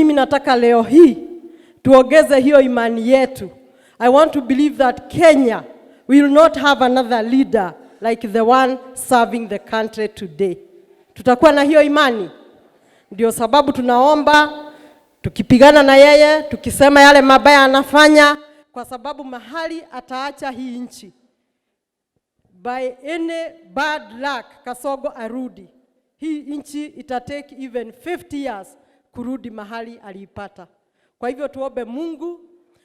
Mimi nataka leo hii tuongeze hiyo imani yetu. I want to believe that Kenya will not have another leader like the one serving the country today. Tutakuwa na hiyo imani, ndio sababu tunaomba tukipigana na yeye, tukisema yale mabaya anafanya, kwa sababu mahali ataacha hii nchi by any bad luck, Kasogo arudi, hii nchi itatake even 50 years kurudi mahali aliipata. Kwa hivyo tuombe Mungu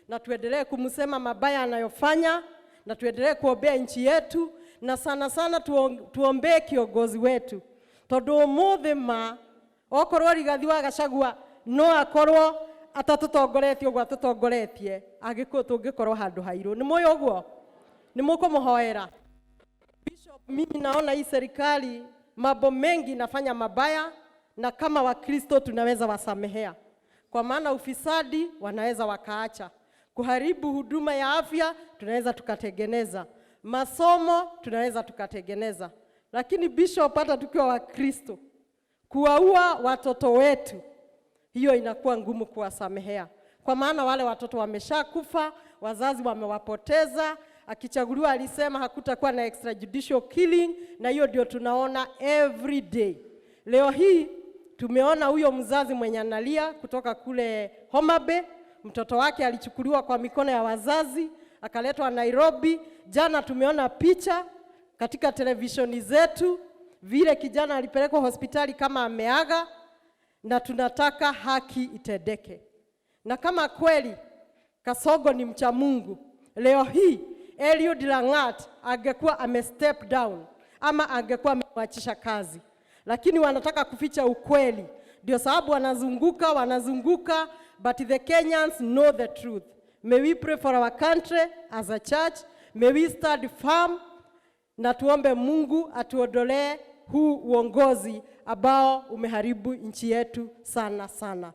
na tuendelee kumsema mabaya anayofanya na tuendelee kuombea nchi yetu, na sana sana tuombee kiongozi wetu tondu umuthi ma okorwo rigathi wa gacagua no akorwo atatutongoretie uguo atutongoretie agikuo tungikorwo handu hairu ni moyo uguo ni mukumuhoera Bishop mimi naona hii serikali mambo mengi inafanya mabaya na kama Wakristo tunaweza wasamehea, kwa maana ufisadi wanaweza wakaacha, kuharibu huduma ya afya tunaweza tukatengeneza, masomo tunaweza tukatengeneza. Lakini bishop, hata tukiwa Wakristo, kuwaua watoto wetu, hiyo inakuwa ngumu kuwasamehea, kwa maana wale watoto wameshakufa, wazazi wamewapoteza Akichaguliwa alisema hakutakuwa na extrajudicial killing, na hiyo ndio tunaona every day. Leo hii Tumeona huyo mzazi mwenye analia kutoka kule Homa Bay, mtoto wake alichukuliwa kwa mikono ya wazazi akaletwa Nairobi. Jana tumeona picha katika televisheni zetu vile kijana alipelekwa hospitali kama ameaga, na tunataka haki itendeke, na kama kweli Kasogo ni mcha Mungu, leo hii Eliud Langat angekuwa ame step down ama angekuwa amemwachisha kazi lakini wanataka kuficha ukweli, ndio sababu wanazunguka wanazunguka, but the Kenyans know the truth. May we pray for our country as a church, may we stand firm na tuombe Mungu atuondolee huu uongozi ambao umeharibu nchi yetu sana sana.